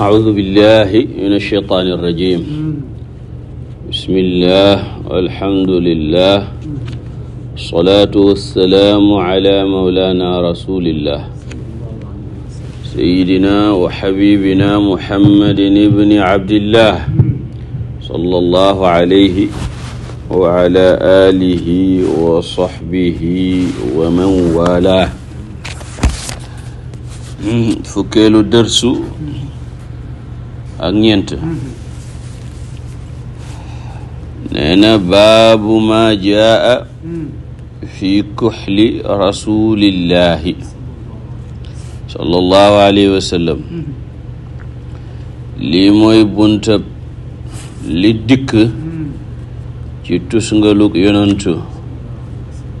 أعوذ بالله من الشيطان الرجيم بسم الله والحمد لله الصلاة والسلام على مولانا رسول الله سيدنا وحبيبنا محمد بن عبد الله صلى الله عليه وعلى آله وصحبه ومن والاه فكيلو درسو ak ñeent nee na baabu ma jaa fi kuxli rasulillahi sallallahu alayhi wa sallam lii mooy buntab li dikk ci tusngaluk yonantu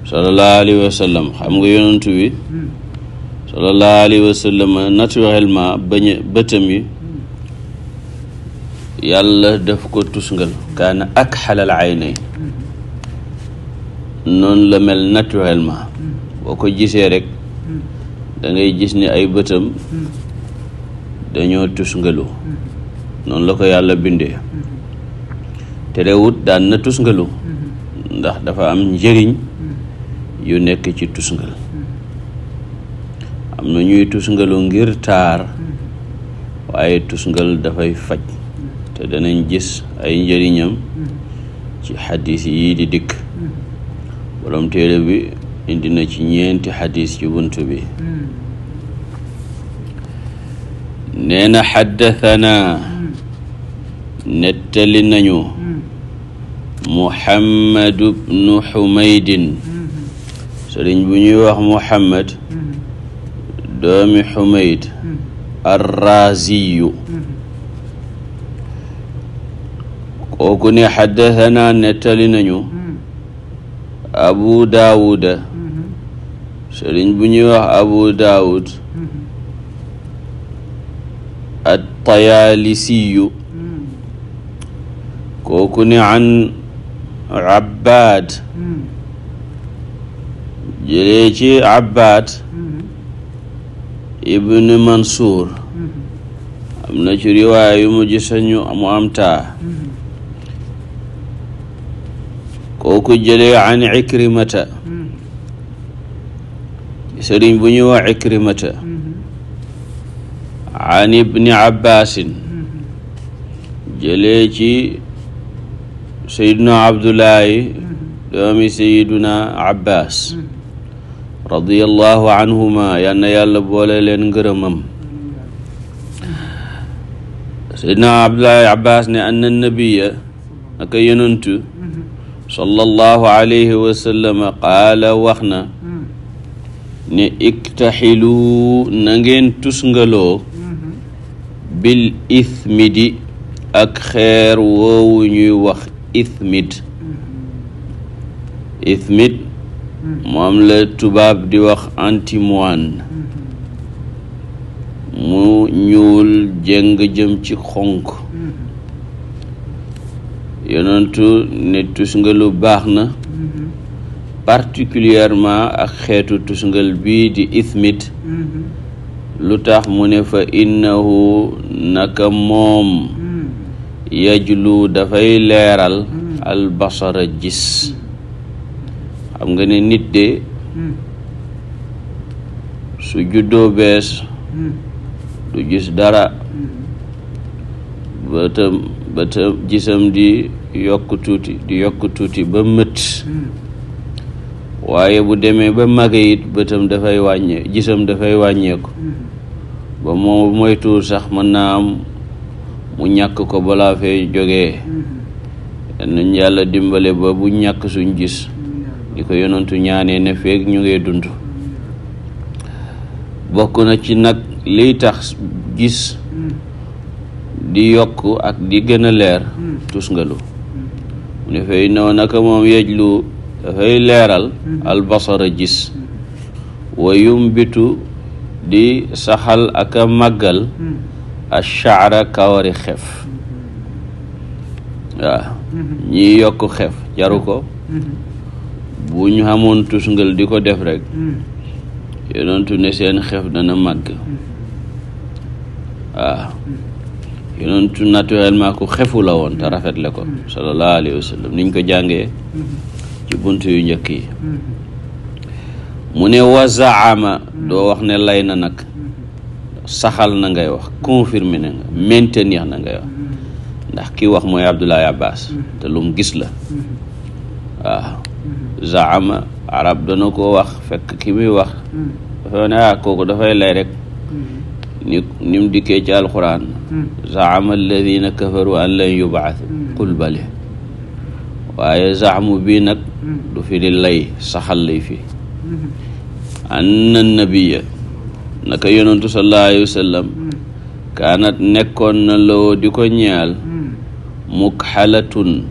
sallallahu alayhi wa sallam nga yonantu sallallahu alayhi wa sallam naturellement bañ bëtam yàlla daf ko tusngal kaana ak xalal aynay noonu la mel naturellement boo ko gisee rek dangay gis ni ay bëtam dañoo tusngalu noonu la ko yàlla bindee terewut daan na tusngalu ndax dafa am njëriñ yu nekk ci tusngal am na ñuy tusngalu ngir taar waaye tusngal dafay faj te danañ gis ay njëriñam ci xadis yii dikk borom téere bi indi na ci ñeenti xadis ci bunt bi nee na xaddathanaa nettali nañu muhammadu bnu xumaydin sëriñ bu ñuy wax muhammad doomi xumayd arraziyu kooku ne xaddathana nettali nañu abu daawuda sëriñ bu ñuy wax abu daawud at tayaalisiyu kooku ne an abbaad jëlee ci abbaad ibn mansuur am na ci riwaaya yu mu gisañu mu am taa koo ko jëlee an ikrimata sëriñ bu ñuy wax ikrimata an ibni abbasin jëlee ci sayduna abdullahi doomi sayiduna abbas radiallahu anhuma yal na yàlla boole leen ngërëmam sayduna abdullahi abbas ne anna nabiya naka yonantu sallallahu alayhi wa qaala wax na ne iktaxilu na ngeen tusngaloo bil ithmidi ak xeer woowu ñuy wax ithmid ithmid moom la tubaab di wax antimoine mu ñuul jëng jëm ci xonk yonentu ne tusngalu baax na particulièrement ak xeetu tusngal bii di ismit lu tax mu ne fa innahu naka moom yajlu dafay leeral albasara gis xam nga ne nit de su juddoo bees du gis dara bëtam ba gisam di yokk tuuti di yokk tuuti ba mët hmm. waaye bu demee ba mage it bëtam dafay wàññee gisam dafay wàññeeku hmm. ba moom moytuwul sax mën naa am mu ñàkk ko balaa fee jógee hmm. nañ yàlla dimbale ba bu ñàkk suñ gis di ko yonantu ñaanee ne feeg ñu ngee dund bokk na ci nag liy tax gis di yokk ak di gën leer hmm. tus nga lu hmm. mu ne fay noo naka moom yej dafay leeral hmm. albasara gis wa yumbitu di saxal ak a màggal achaara kawari xef waaw ñiy yokk xef jaru ko bu ñu xamoon tusngal di ko def rek yonentu ne seen xef dana màgg waaw yonentu naturellement ku xefu la woon te mm-hmm. rafetle ko mm-hmm. sallallahu alayhi wa niñ ko jàngee mm-hmm. ci bunt yu njëkk yi mu ne wa zaama doo wax ne lay na nag saxal na ngay wax confirmer na nga maintenir na ngay wax ndax kii wax mooy Abdoulaye Abbas te lu mu gis la waaw zaama arab dana ko wax fekk ki muy wax dafa ne ah kooku dafay lay rek ni ni mu dikkee ci alquran hmm. zaama alladina kafaru an hmm. waaye zaamu bii nag hmm. du fi di lay saxal lay fi anna nabiya naka yonantu sallallahu alayhi wa kaanat nekkoon na loo di ko ñaal mukhalatun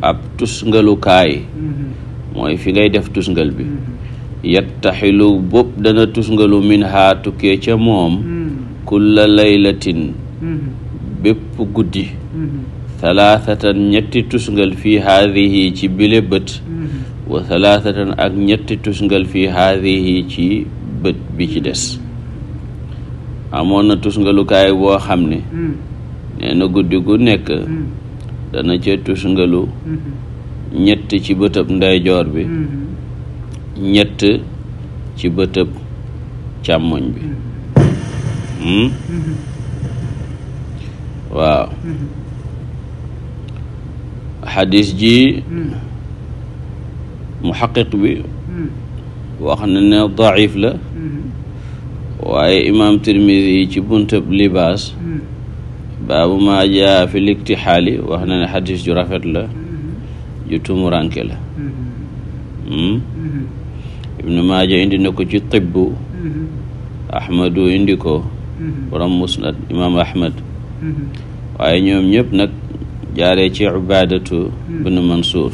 ab tusngalukaay mooy fi ngay def tusngal bi yattaxilu bopp dana tusngalu min ca moom kulla laylatin mm-hmm. bépp guddi thalathatan mm-hmm. ñetti tusngal fii haadihi ci bile bët mm-hmm. wa thalathatan ak ñetti tusngal fi haadihi ci bët bi ci des amoon na tusngalukaay boo xam ne mm. nee na guddi gu nekk mm. dana ca tusngalu ñett ci bëtëb ndeyjoor bi ñett ci bëtëb càmmoñ bi Hmm? waaw xadis ji muxaqiq bi wax na ne daif la waaye imaam tirmidi ci buntab libaas baabu maa jaa fi liktixaali wax na xadis ju rafet la ju tumuranke la hmm? ibnu maaja indi na ko ci tibbu ahmadu indi ko Mm-hmm. borom musnad imaam ahmad mm-hmm. waaye ñoom ñëpp nag jaaree ci ubaadatu mm-hmm. bin mansuur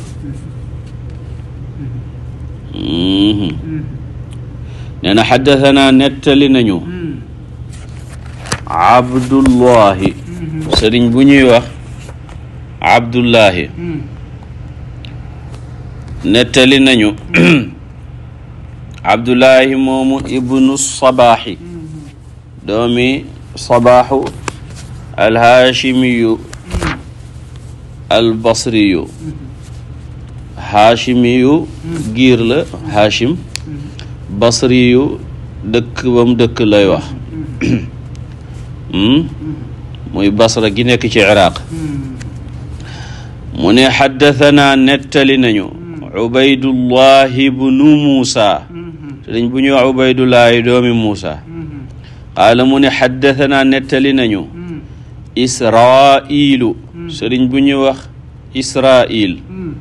nee na xaddasanaa nettali nañu abdullahi sëriñ bu ñuy wax abdullahi nettali nañu doomi sabaaxu alhaashimiyu albasriyu haashimiyu giir la haashim basriyu dëkk ba mu dëkk lay wax hmm? muy basra gi nekk ci iraq mu ne xaddatanaa nettali nañu ubaydullahi bnu muusa te dañ bu ñuy wax ubaydullahi doomi muusa qaala mu ne xaddatanaa nettali nañu hmm. israilu hmm. sëriñ bu ñuy wax israil hmm.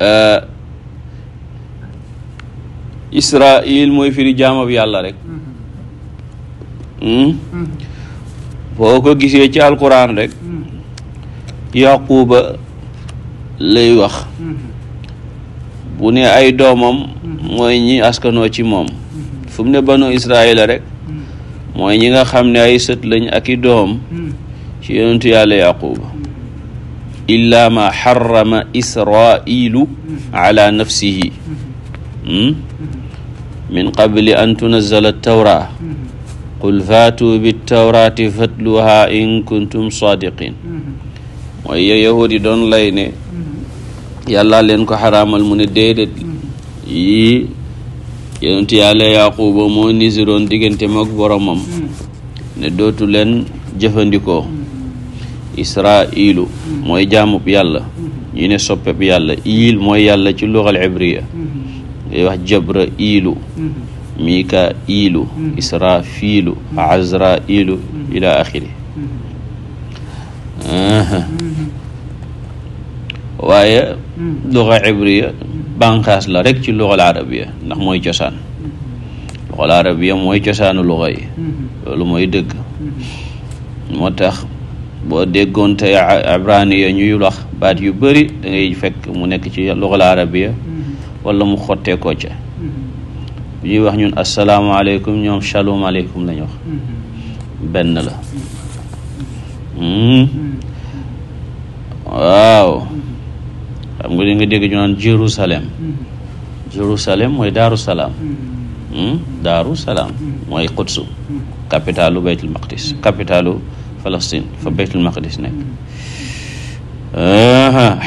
euh, israil mooy firi jaamab yàlla rek boo ko gisee ci alquran rekk yaquba lay wax bu ne ay doomam mooy ñi askanoo ci moom fu mu ne banu israila rek hmm. mooy ñi nga xam ne ay sët lañ ak i doom hmm. ci yonentu yaquba hmm. illa ma xarama israilu ala nafsihi min qabli an tunazala altawra qul faatu bittawraati fatluha in kuntum sadiqin mooy yahud yi doon lay leen ko xaraamal mu ne déedéet yi yonent yàlla yaquuba moo nisiroon diggante mag boromam hmm. ne dootu leen jëfandikoo hmm. israilu mooy jaamub yàlla hmm. ñu ne soppeb yàlla iil mooy yàlla ci luxal ibriya day wax jabra iilu mika iilu israfiilu azra iilu ila axiri waaye luxa ibriya bànqaas la rekk ci luxal arabiya ndax mooy cosaan luxal arabiya mooy cosaanu luxa yi loolu mooy dëgg moo tax boo déggoon tey ibraniya ñuy wax baat yu bari dangay fekk mu nekk ci luxal arabiya walla mu xottee koo ca ñuy wax ñun asalaamaaleykum ñoom shalom aleykum la wax benn la hmm? waaw xam nga di nga dégg ñu naan Jérusalem mm-hmm. Jérusalem mooy Daaru Salaam mm-hmm. hmm? Daaru Salaam mm-hmm. mooy Qudsu capitalu Baytul Maqdis capitalu Palestine fa Baytul Maqdis nekk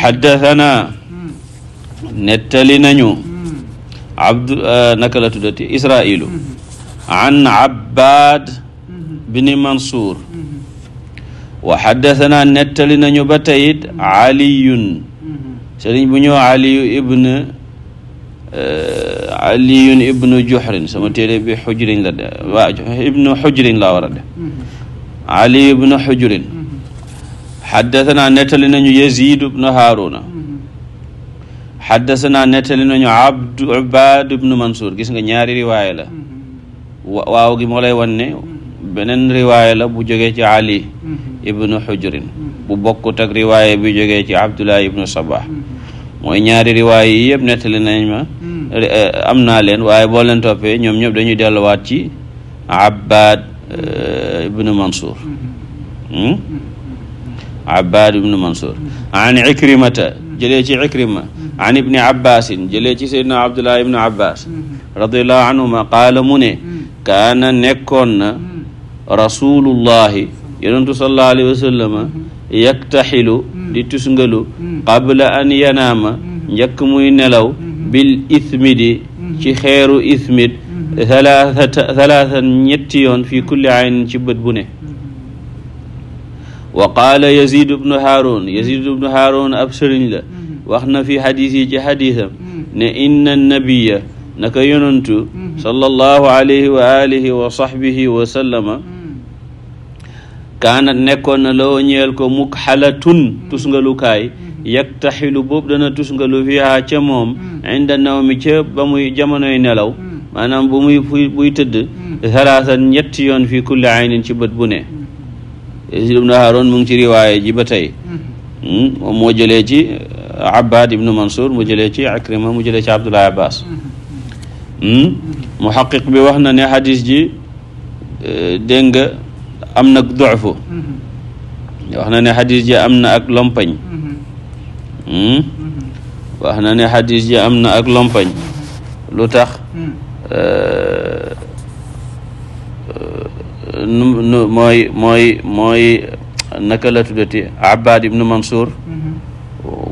xaddathana nettali nañu abdu uh, naka la tuddati israilu an abbad bini mansour wa xaddathana nettali nañu ba tayit aliyun sëriñ bu ñëw aliyu ibn euh, juhrin sama téere bi xujrin la de waa ibnu xujrin laa a de mhm. ali ibnu xujrin xaddasanaa mhm. nettali nañu yazid ibnu haaruna xaddasanaa mhm. nettali nañu abdu ubaad ibnu mansour gis nga ñaari riwaaya la waaw gi moo lay beneen riwaaya la bu jógee ci ali ibnu xujrin bu bokkut ak riwaaya bi jógee ci abdullah ibnu sabah mooy ñaari riwaaya yi yëpp nettali nañ ma eh, am naa leen waaye boo leen toppee ñoom ñëpp dañuy delluwaat ci abbad eh, ibnu mansour hmm? abbad ibnu mansour an ikrimata jëlee ci ikrima an ibni abbasin jëlee ci seydna abdullah ibnu abbas radiallahu anhuma qaala mu ne kaana nekkoon na rasulullahi yonentu sallallahu alayhi wa sallama mm-hmm. yaktaxilu mm-hmm. di tusngalu mm-hmm. qabla an yanaama njëkk muy nelaw bil ithmidi ci xeeru ithmid thalathata thalathan ñetti yoon fi kulli aynin ci bët bu ne wa qaala yazid ibnu haarun yazid ibnu haarun ab sëriñ la wax na fi xadis yi ci xadisam ne inna nabiya naka yonentu sallallahu alayhi wa alihi wa sahbihi wa sallama kaanat nekkoon na la ñeel ko mukhalatun tusngalukaay yaktaxilu boobu dana tusngalu fiha ca moom inda naw mi ca ba muy jamonoy nelaw maanaam bu muy buy tëdd salaasan ñetti yoon fii kulli aynin ci bët bu ne Yaziid ibnu Haaroon mu ngi ci riwaaya ji ba tey moom moo jëlee ci Abbaad ibnu Mansour mu jëlee ci Akrima mu jëlee ci Abdullah Abbas hmm? muhaqiq bi wax na ne hadis ji eh, dégg nga am na doxfu wax na ne xadis ji am na ak lompañ hmm? wax na ne xadis ji am na ak lompañ lu tax eh, eh, nu mooy mooy naka la tuddati Abbad ibnu Mansour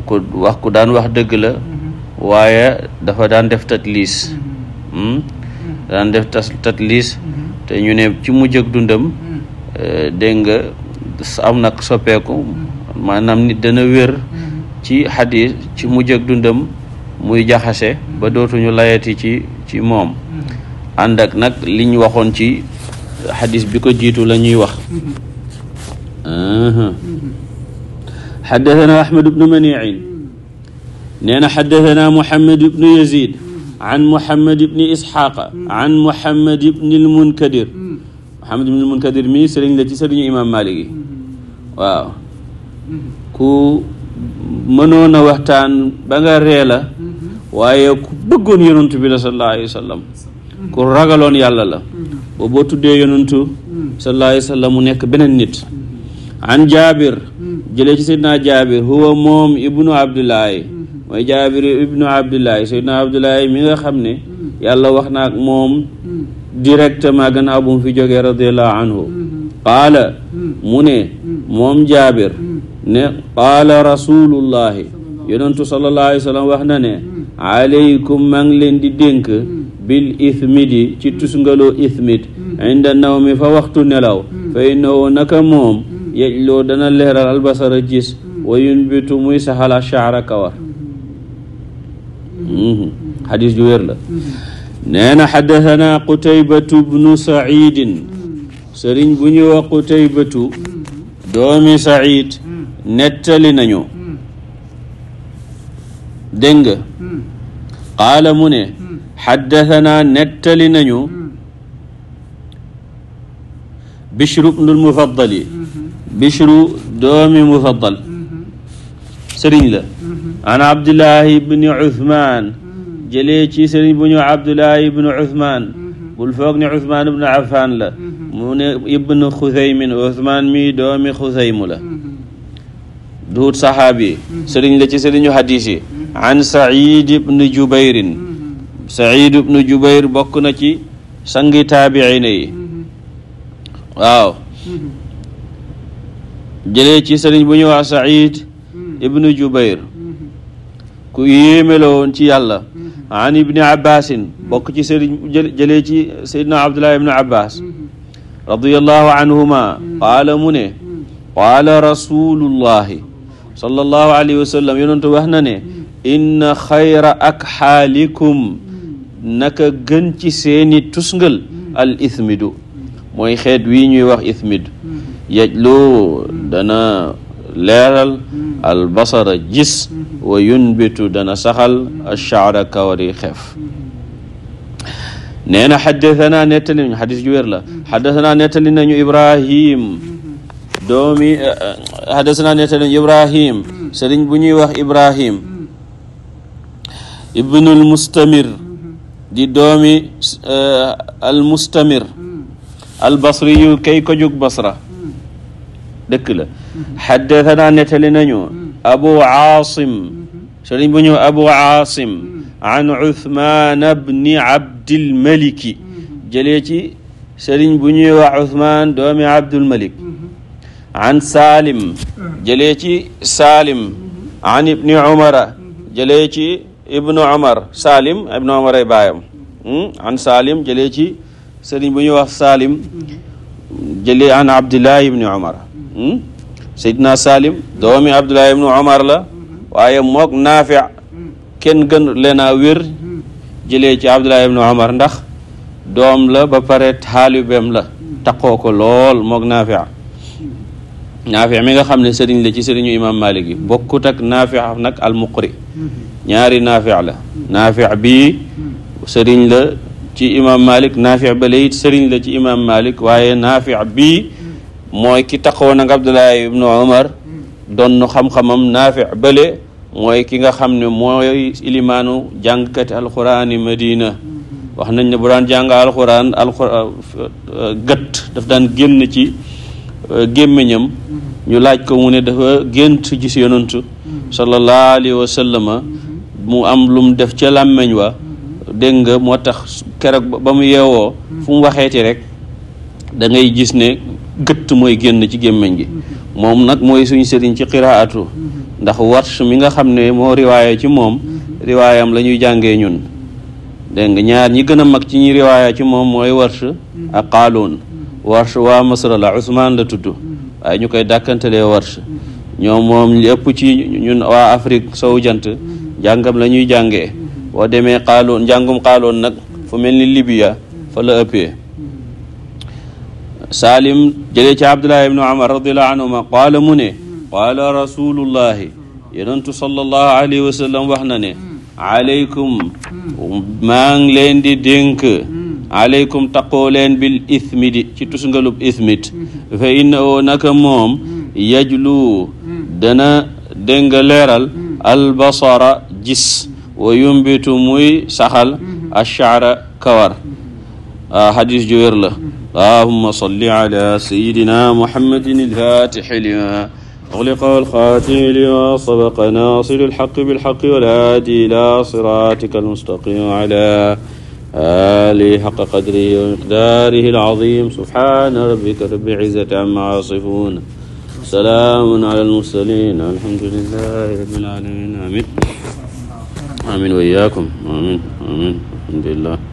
ku wax ku daan wax dëgg la waaye dafa daan def tatliis hmm? daan def tatliis te ñu ne ci mu ak dundam Euh, dégg nga am nag soppeeku maanaam nit dana wér ci xadis ci mujj ak dundam muy jaxase ba dootuñu layati ci ci moom àndak ak nag liñ waxoon ci xadis bi ko jiitu la ñuy wax xaddathana ahmad ibnu maniin nee na xaddathana muhammad ibnu yazid an muhammad ibni isxaaqa an muhammad ibni almunkadir Muhammad ibn Munkadir mi sëriñ la ci sëriñu imaam Maalik yi waaw ku mënoon waxtaan ba nga ree la waaye ku bëggoon yonantu bi la sallallahu alayhi ku ragaloon yàlla la ba tuddee yonantu sallallahu alayhi mu nekk beneen nit an jaabir jëlee ci seydna jaabir huwa moom ibnu abdullahi mooy jaabir ibnu abdullahi seydna abdullahi mi nga xam ne yàlla wax na ak moom directement gannaaw bu mu fi jógee radiallahu anhu qaala mu ne moom jaabir ne qaala rasulullahi yonentu sallallahu alayhi wa wax na ne alaykum maa ngi leen di dénk bil ithmidi ci tusngaloo ithmid inda naw mi fa waxtu nelaw fa innahu naka moom yejloo dana leeral albasara gis wa yunbitu muy saxal ashara kawar mm-hmm. Mm-hmm. xadis ju wér nee na xaddasanaa qutaybatu bnu saciidin sëriñ bu ñu wax qutaybatu doomi saciid nettali nañu dégg nga qaala mu ne xaddasanaa nettali nañu bishru bnul mufaddali bishru doomi mufaddal sëriñ la an abdillahi bni uthman jëlee ci sëriñ bu ñu abdullahi ibnu uthman mm-hmm. bul foog ne uthman ibnu affan mm-hmm. mi doomi xusaymu la mm-hmm. duut saxaabi sëriñ la ci sëriñu hadis yi an said ibnu jubayrin bokk na ci sangi taabiina yi waaw ci sëriñ bu ñu said ibnu jubayr ku yéeme la woon ci yàlla an ibni abbasin bokk ci sëriñ jëlee ci seydna abdullah ibni abbas radiallahu anhuma qaala mu ne qaala rasulullahi sallallahu alayhi wa sallam yonentu wax na ne inna xayra ak xaalikum naka gën ci seeni tusngal al ithmidu mooy xeet wii ñuy wax ithmid yajlu dana leeral albasara gis wa yunbitu dana saxal achaara kawari xeef nee na xaddatanaa nettali nañu xadis ju wér la xaddatanaa nettali nañu ibrahim doomi xaddatanaa nettali nañu ibrahim sëriñ bu ñuy wax ibrahim ibnul mustamir di doomi al mustamir al basriyu kay ko jug basra dëkk la xaddatanaa nettali nañu abu aasim sëriñ bu ñëw abu aasim an uthman bni abdilmaliki jëlee ci sëriñ bu ñuy wax uthman doomi abdulmalik an salim jëlee ci salim an ibni umara jëlee ci ibnu umar salim ibnu umar ay baayam an salim jëlee ci sëriñ bu ñuy wax salim jëlee an abdullah ibni umara Hmm? Seydina Salim doomi Abdullah ibnu Omar la waaye mook Naafi kenn gën leen a wér ci Abdullah ibnu Omar ndax doom la ba pare taalibeem la taqoo ko lool mook Naafi Naafi mi nga xam ne sëriñ la ci sëriñu imam Malik yi bokkut ak Naafi al-Muqri ñaari Naafi la Naafi bii sëriñ la ci imam Malik Naafi ba léegi sëriñ la ci imam Malik waaye Naafi bii mooy ki taxawoon ak Abdullahi ibnu Umar doon xam-xamam naafi bële mooy ki nga xam ne mooy ilimaanu jàngkati alquran yi Madina wax nañ ne bu daan jàng alquran euh, gët daf daan génn ci euh, gémmiñam ñu laaj ko mu ne dafa gént gis yonantu sallallahu alayhi wa mu am lum def ca làmmiñ wa dégg nga moo tax keroog ba mu yeewoo fu mu waxeeti rekk dangay gis ne gëtt mooy génn ci gémmiñ gi moom nag mooy suñ sëriñ ci qiraatu ndax warsh mi nga xam ne moo riwaaya ci moom riwaayam la ñuy jàngee ñun dégg nga ñaar ñi gën a mag ci ñi riwaaya ci moom mooy warsh ak qaaluun warsh waa masra la usmaan la tudd waaye ñu koy dàkkantelee warsh ñoom moom ëpp ci ñun waa Afrique sowu jant jàngam la ñuy jàngee boo demee qaaluun jàngum qaaluun nag fu mel ni Libya fa la ëppee saalim jëlee ci abdulah ibnu amar radiallahu anhuma qaala mu ne qaala rasulullahi yonentu sallallahu alayhi wa sallam wax na ne aleykum maa ngi leen di dénk aleykum taqoo leen bil ithmi di ci tusngalub ithmit fa inna oo naka moom yajlu dana dégg nga leeral albasara gis wa yumbitu muy saxal ashaara kawar xadis ah, ju wér la اللهم صل على سيدنا محمد الفاتح لما أغلق والخاتم لما سبق ناصر الحق بالحق والهادي إلى صراطك المستقيم وعلى آله حق قدره ومقداره العظيم سبحان ربك رب العزة عما يصفون سلام على المرسلين الحمد لله رب العالمين آمين آمين وإياكم آمين آمين الحمد لله